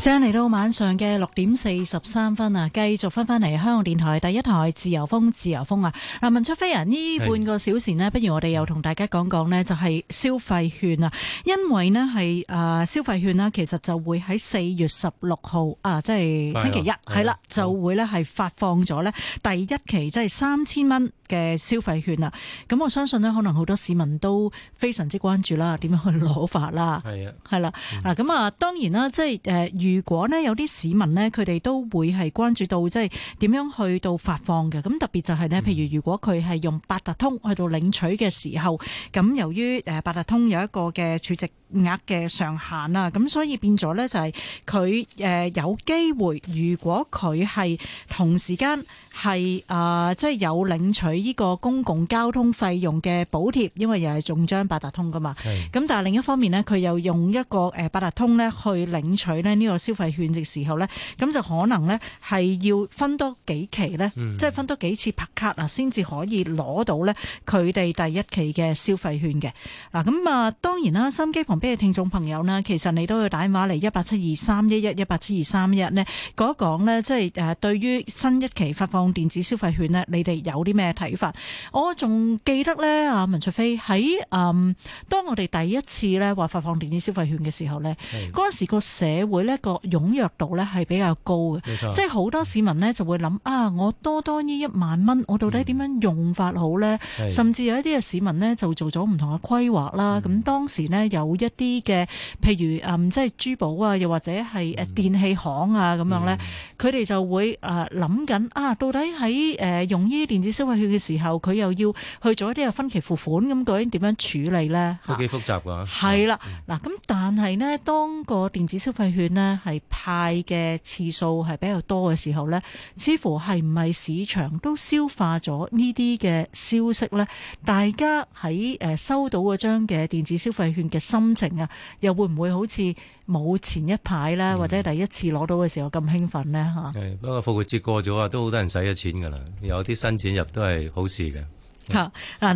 正嚟到晚上嘅六點四十三分啊，繼續翻翻嚟香港電台第一台自由風，自由風啊！嗱，文出飛人呢半個小時呢，不如我哋又同大家講講呢，就係消費券啊，因為呢係誒、啊、消費券啦，其實就會喺四月十六號啊，即、就、係、是、星期一係啦，就會呢係發放咗呢第一期即係三千蚊嘅消費券啦。咁我相信呢，可能好多市民都非常之關注啦，點樣去攞法啦？係啊，係啦，嗱、嗯、咁啊，當然啦，即係誒，呃如果咧有啲市民咧，佢哋都會係關注到即係點樣去到發放嘅。咁特別就係、是、咧，譬如如果佢係用八達通去到領取嘅時候，咁由於誒八達通有一個嘅儲值額嘅上限啦，咁所以變咗咧就係佢誒有機會，如果佢係同時間係誒即係有領取呢個公共交通費用嘅補貼，因為又係中張八達通噶嘛。咁但係另一方面咧，佢又用一個誒八達通咧去領取咧、這、呢個消費券嘅時候呢，咁就可能呢係要分多幾期呢、嗯，即係分多幾次拍卡啊，先至可以攞到呢佢哋第一期嘅消費券嘅。嗱、啊、咁啊，當然啦，收音機旁邊嘅聽眾朋友呢，其實你都要打電話嚟一八七二三一一一八七二三一呢。講一講呢，即係誒對於新一期發放電子消費券呢，你哋有啲咩睇法？我仲記得呢，啊，文卓飛喺嗯，當我哋第一次呢話發放電子消費券嘅時候呢，嗰陣時個社會呢。個踴躍度咧係比較高嘅，即係好多市民呢就會諗啊，我多多呢一萬蚊，我到底點樣用法好咧，嗯？甚至有一啲嘅市民呢就做咗唔同嘅規劃啦。咁、嗯、當時呢有一啲嘅，譬如誒、嗯，即係珠寶啊，又或者係誒電器行啊咁樣咧，佢、嗯、哋就會誒諗緊啊，到底喺誒用呢啲電子消費券嘅時候，佢又要去做一啲嘅分期付款咁，究竟點樣處理咧？都幾複雜噶。係、啊、啦，嗱咁、嗯，但係呢，當個電子消費券呢。係派嘅次數係比較多嘅時候呢，似乎係唔係市場都消化咗呢啲嘅消息呢？大家喺誒收到嗰張嘅電子消費券嘅心情啊，又會唔會好似冇前一排呢，或者第一次攞到嘅時候咁興奮呢？吓，嗯，誒，不過復活節過咗啊，都好多人使咗錢噶啦，有啲新錢入都係好事嘅。嗱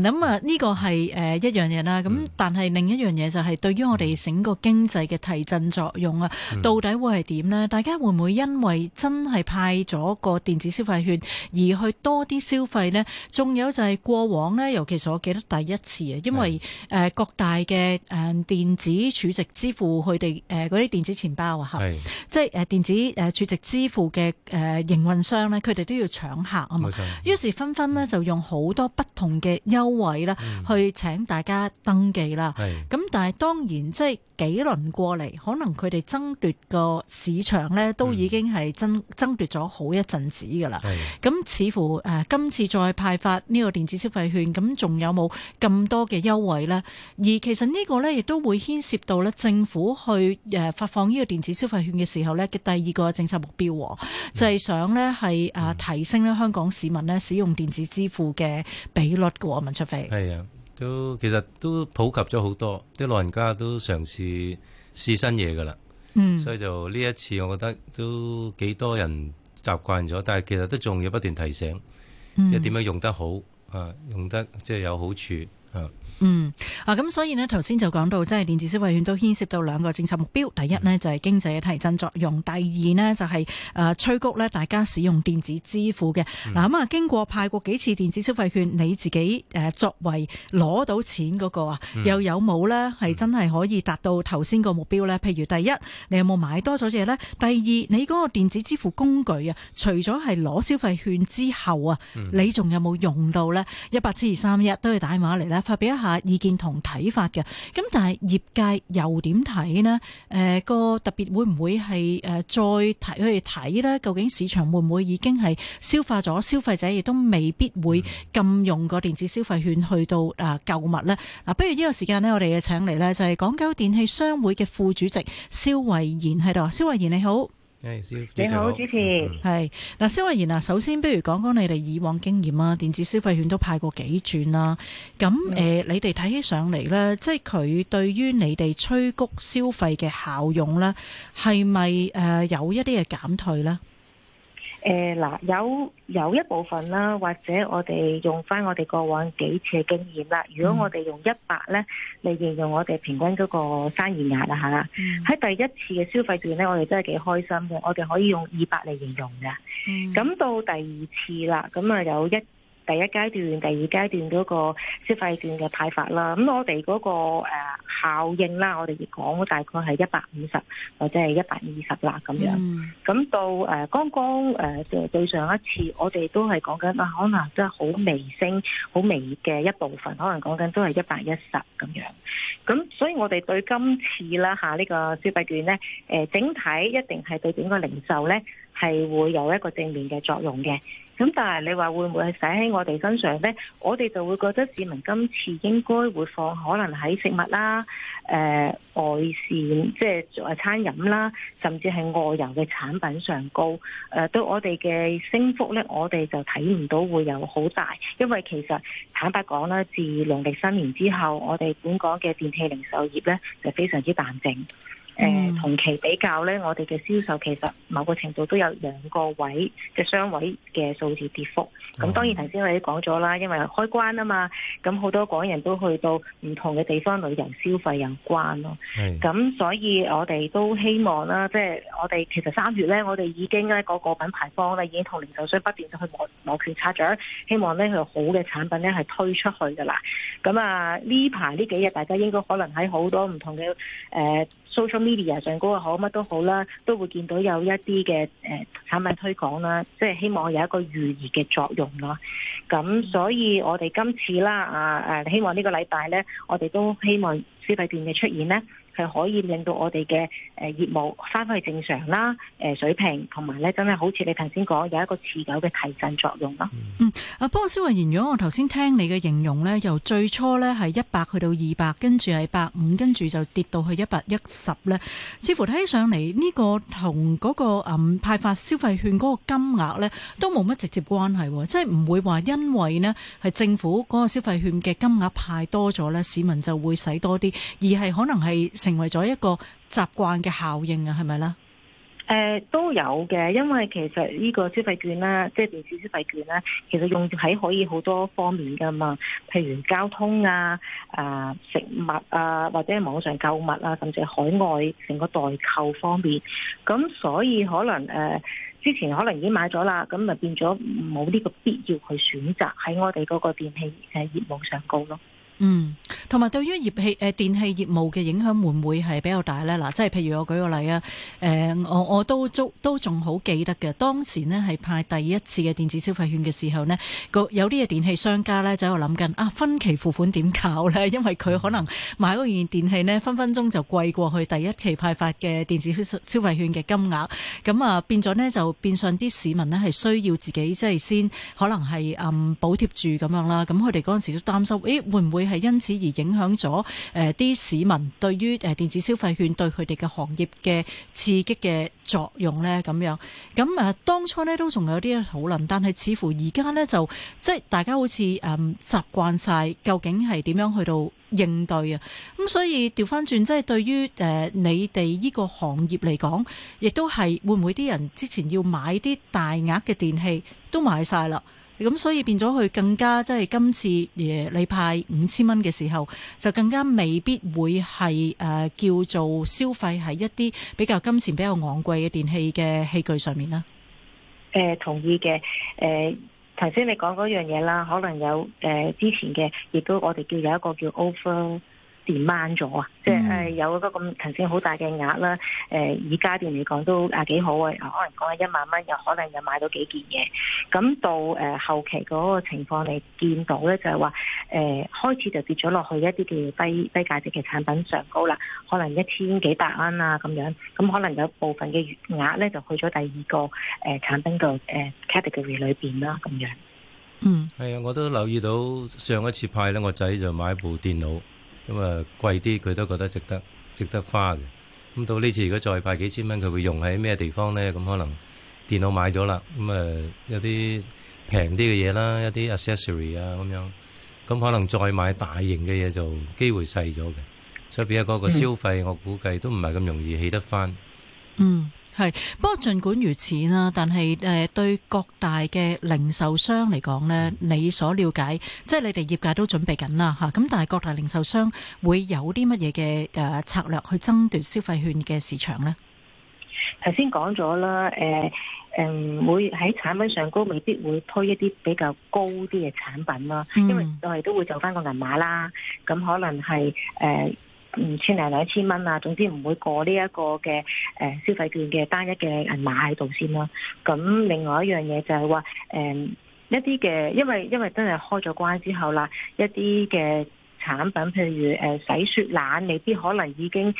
咁啊呢個係誒一樣嘢啦，咁但係另一樣嘢就係對於我哋整個經濟嘅提振作用啊，到底會係點咧？大家會唔會因為真係派咗個電子消費券而去多啲消費咧？仲有就係過往咧，尤其是我記得第一次啊，因為誒各大嘅誒電子儲值支付佢哋誒嗰啲電子錢包啊，嚇，即係誒電子誒儲值支付嘅誒營運商咧，佢哋都要搶客啊嘛，於是紛紛咧就用好多不同。同嘅優惠啦，去請大家登記啦。咁、嗯、但係當然即係幾輪過嚟，可能佢哋爭奪個市場呢，都已經係爭爭奪咗好一陣子噶啦。咁、嗯、似乎誒今次再派發呢個電子消費券，咁仲有冇咁多嘅優惠呢？而其實呢個呢，亦都會牽涉到呢，政府去誒發放呢個電子消費券嘅時候呢嘅第二個政策目標，就係、是、想呢係誒提升呢香港市民呢使用電子支付嘅比例。出飛係啊，都其實都普及咗好多，啲老人家都嘗試試新嘢嘅啦，所以就呢一次我覺得都幾多人習慣咗，但係其實都仲要不斷提醒，即係點樣用得好、嗯、啊，用得即係有好處。嗯，啊咁所以呢，頭先就講到，即係電子消費券都牽涉到兩個政策目標。第一呢，就係、是、經濟嘅提振作用，第二呢，就係誒催谷呢大家使用電子支付嘅。嗱咁啊，經過派過幾次電子消費券，你自己、呃、作為攞到錢嗰、那個又有冇呢？係真係可以達到頭先個目標呢？譬如第一，你有冇買多咗嘢呢？第二，你嗰個電子支付工具啊，除咗係攞消費券之後啊，你仲有冇用到呢？一八七二三一都要打電話嚟咧。發表一下意見同睇法嘅，咁但係業界又點睇呢？誒、呃，個特別會唔會係誒、呃、再提去睇呢？究竟市場會唔會已經係消化咗？消費者亦都未必會禁用個電子消費券去到誒購物呢？嗱，不如呢個時間呢，我哋嘅請嚟呢就係港九電器商會嘅副主席蕭慧賢喺度，蕭慧賢你好。Yes, 你好，主持，係、嗯、嗱，蕭慧賢啊，首先不如講講你哋以往經驗啊，電子消費券都派過幾轉啦、啊，咁誒、嗯呃，你哋睇起上嚟咧，即係佢對於你哋催谷消費嘅效用咧，係咪誒有一啲嘅減退咧？誒、呃、嗱，有有一部分啦，或者我哋用翻我哋過往幾次嘅經驗啦。如果我哋用一百咧嚟形容我哋平均嗰個生意額啦嚇，喺、嗯、第一次嘅消費段咧，我哋真係幾開心嘅，我哋可以用二百嚟形容嘅。咁、嗯、到第二次啦，咁啊有一。第一階段、第二階段嗰個消費券嘅派發啦，咁我哋嗰個效應啦，我哋講大概係一百五十或者係一百二十啦咁樣。咁到誒剛剛誒對上一次，我哋都係講緊啊，可能都係好微升、好微嘅一部分，可能講緊都係一百一十咁樣。咁所以我哋對今次啦下呢個消費券呢，整體一定係對整個零售呢，係會有一個正面嘅作用嘅，咁但係你話會唔會係使喺我哋身上呢？我哋就會覺得市民今次應該會放可能喺食物啦、誒、呃、外線即係做餐飲啦，甚至係外遊嘅產品上高誒、對、呃、我哋嘅升幅呢，我哋就睇唔到會有好大，因為其實坦白講啦，自農曆新年之後，我哋本港嘅電器零售業呢，就非常之淡靜。誒同期比較咧，我哋嘅銷售其實某個程度都有兩個位嘅雙位嘅數字跌幅。咁當然頭先我哋講咗啦，因為開關啊嘛，咁好多港人都去到唔同嘅地方旅遊消費有關咯。咁所以我哋都希望啦，即係我哋其實三月咧，我哋已經咧個個品牌方咧已經同零售商不斷咁去摩摩拳擦掌，希望咧佢好嘅產品咧係推出去㗎喇。咁啊呢排呢幾日大家應該可能喺好多唔同嘅 social。呃 Media 上高又好，乜都好啦，都會見到有一啲嘅誒產品推廣啦，即係希望有一個預熱嘅作用咯。咁所以我哋今次啦，啊誒，希望呢個禮拜咧，我哋都希望消費券嘅出現咧。係可以令到我哋嘅誒業務翻返去正常啦，誒水平同埋咧，真係好似你頭先講有一個持久嘅提振作用咯。嗯，啊，不過蕭慧賢，如果我頭先聽你嘅形容呢，由最初呢係一百去到二百，跟住係百五，跟住就跌到去一百一十呢，似乎睇起上嚟呢個同嗰個、嗯、派發消費券嗰個金額呢都冇乜直接關係，哦、即係唔會話因為呢係政府嗰個消費券嘅金額派多咗呢，市民就會使多啲，而係可能係。成為咗一個習慣嘅效應啊，係咪咧？誒、呃，都有嘅，因為其實呢個消費券啦，即、就、係、是、電子消費券咧，其實用喺可以好多方面噶嘛，譬如交通啊、啊、呃、食物啊，或者係網上購物啊，甚至係海外成個代購方面，咁所以可能誒、呃，之前可能已經買咗啦，咁咪變咗冇呢個必要去選擇喺我哋嗰個電器嘅業務上高咯。嗯。同埋對於業器，誒電器業務嘅影響會唔會係比較大呢？嗱，即係譬如我舉個例啊，誒、呃，我我都都仲好記得嘅，當時呢係派第一次嘅電子消費券嘅時候呢，個有啲嘅電器商家呢就喺度諗緊啊，分期付款點搞呢？因為佢可能買嗰件電器呢，分分鐘就貴過佢第一期派發嘅電子消消費券嘅金額，咁啊，變咗呢就變相啲市民呢係需要自己即係先可能係誒、嗯、補貼住咁樣啦，咁佢哋嗰陣時都擔心，咦，會唔會係因此而影響咗誒啲市民對於誒電子消費券對佢哋嘅行業嘅刺激嘅作用咧咁樣，咁誒當初呢都仲有啲討論，但係似乎而家呢，就即係大家好似誒、嗯、習慣晒，究竟係點樣去到應對啊？咁所以調翻轉，即係、就是、對於誒你哋依個行業嚟講，亦都係會唔會啲人之前要買啲大額嘅電器都買晒啦？咁所以變咗佢更加即係今次你派五千蚊嘅時候，就更加未必會係、呃、叫做消費喺一啲比較金錢比較昂貴嘅電器嘅器具上面啦、呃。同意嘅。誒頭先你講嗰樣嘢啦，可能有、呃、之前嘅，亦都我哋叫有一個叫 over。跌慢咗啊！即係有嗰個咁，頭先好大嘅額啦。誒，以家電嚟講都啊幾好啊！可能講係一萬蚊，又可能又買到幾件嘢。咁到誒後期嗰個情況你見到咧，就係話誒開始就跌咗落去一啲嘅低低價值嘅產品上高啦。可能一千幾百蚊啊咁樣，咁可能有部分嘅餘額咧就去咗第二個誒產品嘅誒 category 裏邊啦咁樣。嗯，係啊，我都留意到上一次派咧，我仔就買部電腦。咁、嗯、啊貴啲佢都覺得值得，值得花嘅。咁、嗯、到呢次如果再派幾千蚊，佢會用喺咩地方咧？咁、嗯、可能電腦買咗啦，咁、嗯、啊有啲平啲嘅嘢啦，一啲 accessory 啊咁樣。咁、嗯嗯、可能再買大型嘅嘢就機會細咗嘅。所以變咗嗰個消費，我估計都唔係咁容易起得返。嗯。係，不過儘管如此啦，但係誒對各大嘅零售商嚟講咧，你所瞭解，即係你哋業界都準備緊啦嚇？咁但係各大零售商會有啲乜嘢嘅誒策略去爭奪消費券嘅市場咧？頭先講咗啦，誒誒會喺產品上高未必會推一啲比較高啲嘅產品啦，因為我哋都會做翻個銀碼啦。咁可能係誒。五千零兩千蚊啊，總之唔會過呢一個嘅誒消費券嘅單一嘅銀碼喺度先啦。咁另外一樣嘢就係話誒一啲嘅，因為因為真係開咗關之後啦，一啲嘅產品譬如誒洗雪冷，未必可能已經，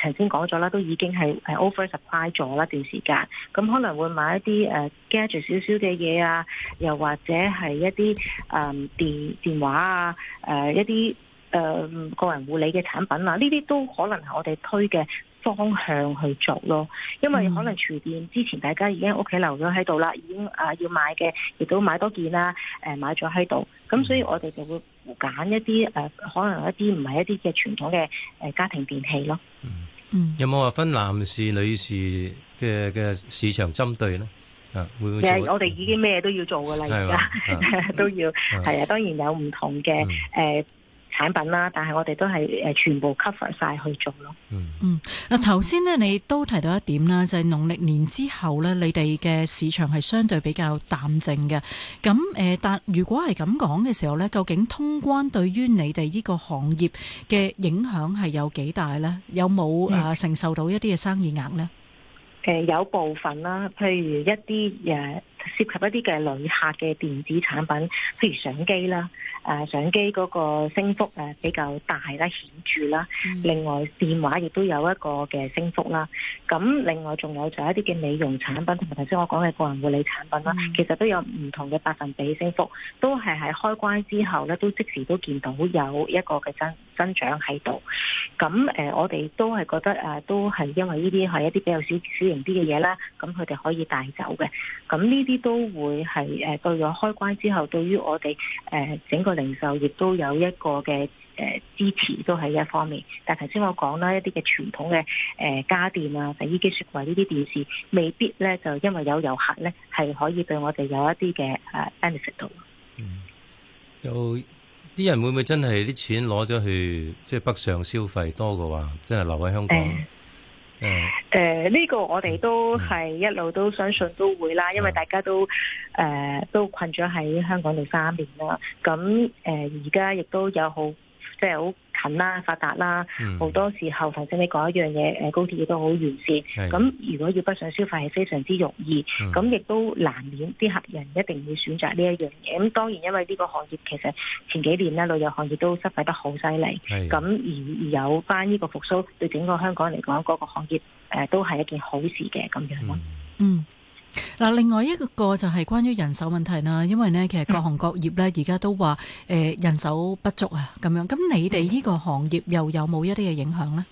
頭先講咗啦，都已經係係 over supply 咗啦一段時間。咁可能會買一啲誒 gadget 少少嘅嘢啊，又或者係一啲誒、嗯、電電話啊，誒、呃、一啲。誒、呃，個人護理嘅產品啦，呢啲都可能係我哋推嘅方向去做咯。因為可能廚電之前大家已經屋企留咗喺度啦，已經誒、呃、要買嘅，亦都買多件啦，誒、呃、買咗喺度。咁所以我哋就會揀一啲誒、呃，可能一啲唔係一啲嘅傳統嘅誒家庭電器咯。嗯，有冇話分男士、女士嘅嘅市場針對咧？啊，會唔會做？其實我哋已經咩都要做噶啦、嗯，而家、啊、 都要係啊，啊。當然有唔同嘅誒。嗯啊產品啦，但係我哋都係誒全部 cover 晒去做咯。嗯嗯，嗱頭先呢，你都提到一點啦，就係、是、農曆年之後咧，你哋嘅市場係相對比較淡靜嘅。咁誒，但如果係咁講嘅時候咧，究竟通關對於你哋呢個行業嘅影響係有幾大咧？有冇誒承受到一啲嘅生意額咧？誒、嗯、有部分啦，譬如一啲誒涉及一啲嘅旅客嘅電子產品，譬如相機啦。誒、啊、相機嗰個升幅誒比較大啦，顯著啦、嗯，另外電話亦都有一個嘅升幅啦。咁另外仲有就一啲嘅美容產品同埋頭先我講嘅個人護理產品啦、嗯，其實都有唔同嘅百分比升幅，都係喺開關之後咧都即時都見到有一個嘅增增長喺度。咁誒我哋都係覺得誒都係因為呢啲係一啲比較少小型啲嘅嘢啦，咁佢哋可以帶走嘅。咁呢啲都會係誒到咗開關之後，對於我哋誒、呃、整個。承受亦都有一個嘅誒支持，都係一方面。但係頭先我講啦，一啲嘅傳統嘅誒家電啊、洗衣機、雪櫃呢啲電視，未必咧就因為有遊客咧係可以對我哋有一啲嘅誒 benefit 到。嗯，有啲人會唔會真係啲錢攞咗去即係北上消費多嘅話，真係留喺香港？呃誒、嗯，呢、呃呢個我哋都係一路都相信都會啦，因為大家都誒、呃、都困咗喺香港度三年啦，咁誒而家亦都有好。即係好近啦、啊、發達啦、啊，好、嗯、多時候頭先你講一樣嘢，誒高鐵亦都好完善。咁如果要北上消費係非常之容易，咁、嗯、亦都難免啲客人一定要選擇呢一樣嘢。咁當然因為呢個行業其實前幾年咧旅遊行業都失敗得好犀利，咁而，而有返呢個復甦，對整個香港嚟講嗰、那個行業誒都係一件好事嘅咁樣咯。嗯。嗯。嗱，另外一個就係關於人手問題啦，因為呢其實各行各業呢而家都話誒人手不足啊，咁樣，咁你哋呢個行業又有冇一啲嘅影響呢？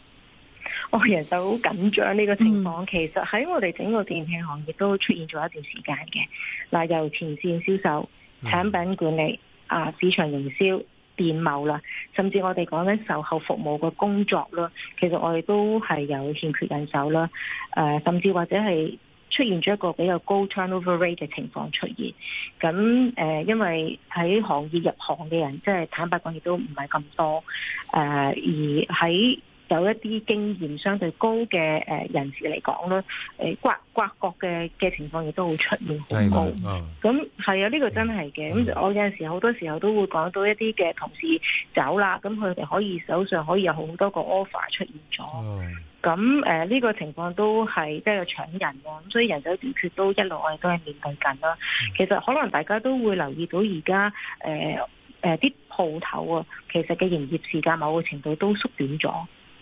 我人手好緊張呢個情況，其實喺我哋整個電器行業都出現咗一段時間嘅。嗱，由前線銷售、產品管理啊、市場營銷、電貿啦，甚至我哋講緊售後服務嘅工作啦，其實我哋都係有欠缺人手啦，誒，甚至或者係。出現咗一個比較高 turnover rate 嘅情況出現，咁，呃，因為喺行業入行嘅人，即係坦白講，亦都唔係咁多，呃，而喺。有一啲經驗相對高嘅誒人士嚟講咧，誒、呃、刮刮角嘅嘅情況亦都會出現好高。咁係啊，呢、哦呢個真係嘅。咁、嗯、我有陣時好多時候都會講到一啲嘅同事走啦，咁佢哋可以手上可以有好多個 offer 出現咗。咁誒呢個情況都係即係搶人嘅，咁所以人手短缺都一路我哋都係面對緊啦。其實可能大家都會留意到而家誒誒啲鋪頭啊，其實嘅營業時間某個程度都縮短咗。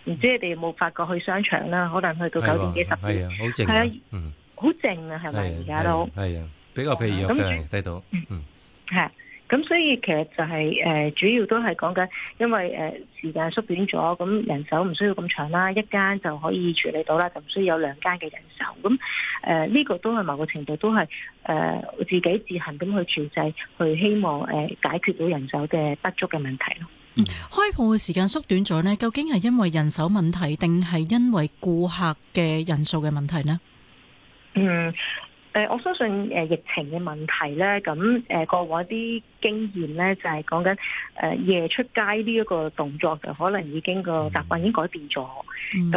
唔知你哋有冇發覺去商場啦、嗯，可能去到九點幾十點，係啊，好靜，係啊，嗯，好、嗯嗯嗯、靜啊，係咪而家都係啊、嗯，比較平靜，咁主要睇到，嗯嗯，係咁所以其實就係、是、誒、呃、主要都係講緊，因為誒、呃、時間縮短咗，咁人手唔需要咁長啦，一間就可以處理到啦，就唔需要有兩間嘅人手。咁誒呢個都係某個程度都係誒、呃、自己自行點去調劑，去希望誒、呃、解決到人手嘅不足嘅問題咯。嗯、開鋪嘅時間縮短咗呢，究竟係因為人手問題，定係因為顧客嘅人數嘅問題呢？嗯，誒、呃，我相信誒，疫情嘅問題呢，咁誒過往啲經驗呢，就係講緊誒夜出街呢一個動作，就可能已經個習慣已經改變咗。咁、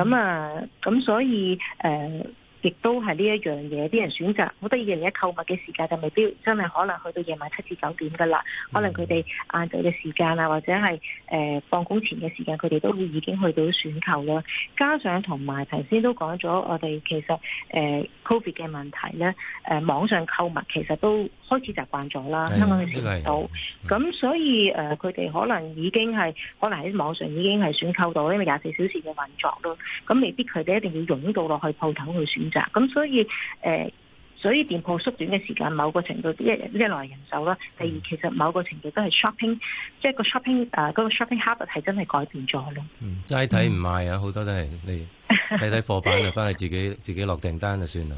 嗯、啊，咁、呃、所以誒。呃亦都係呢一樣嘢，啲人選擇好得意嘅，而家購物嘅時間就未必真係可能去到夜晚七至九點噶啦，可能佢哋晏晝嘅時間啊，或者係誒放工前嘅時間，佢哋都會已經去到選購啦。加上同埋頭先都講咗，我哋其實誒、呃、Covid 嘅問題咧，誒、呃、網上購物其實都，開始習慣咗啦，香港嘅程度，咁、這個、所以誒，佢、呃、哋可能已經係，可能喺網上已經係選購到，因為廿四小時嘅運作咯，咁未必佢哋一定要湧到落去鋪頭去選擇，咁所以誒、呃，所以店鋪縮短嘅時間，某個程度一一來人手啦、嗯，第二其實某個程度都係 shopping，即係個 shopping 誒、呃、嗰、那個、shopping habit 係真係改變咗咯。嗯，齋睇唔買啊，好多都係你睇睇貨品就翻去自己自己落訂單就算啦。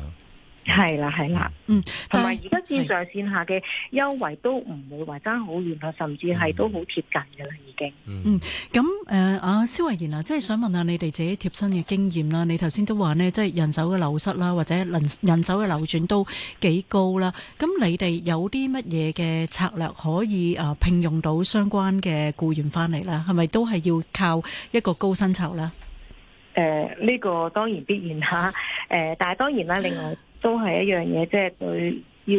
係啦係啦，嗯，同埋而家綫上綫下嘅優惠都唔會話爭好遠啦，甚至係都好貼近噶啦，已經。嗯，咁誒，阿蕭慧賢啊，即係想問下你哋自己貼身嘅經驗啦。你頭先都話呢，即係人手嘅流失啦，或者人人手嘅流轉都幾高啦。咁你哋有啲乜嘢嘅策略可以誒聘用到相關嘅僱員翻嚟咧係咪都係要靠一個高薪酬咧誒，呢個當然必然吓。誒，但係當然啦，另外。都係一樣嘢，即係對要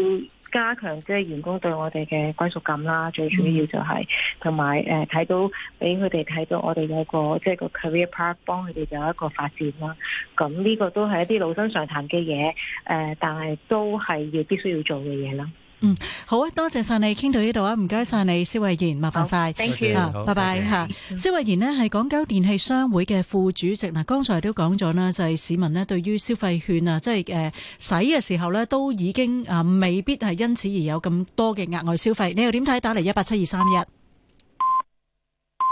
加強即係員工對我哋嘅歸屬感啦。最主要就係同埋誒，睇到俾佢哋睇到我哋有個即係個 career path，幫佢哋有一個發展啦。咁呢個都係一啲老生常談嘅嘢，誒，但係都係要必須要做嘅嘢啦。嗯，好啊，多謝晒你，傾到呢度啊，唔該晒你，蕭慧賢，麻煩晒，多謝好 thank you.、啊，好，拜拜吓。蕭慧賢呢係港九電器商會嘅副主席，嗱、啊，剛才都講咗啦，就係、是、市民呢對於消費券啊，即係誒使嘅時候呢，都已經啊、呃、未必係因此而有咁多嘅額外消費，你又點睇？打嚟一八七二三一。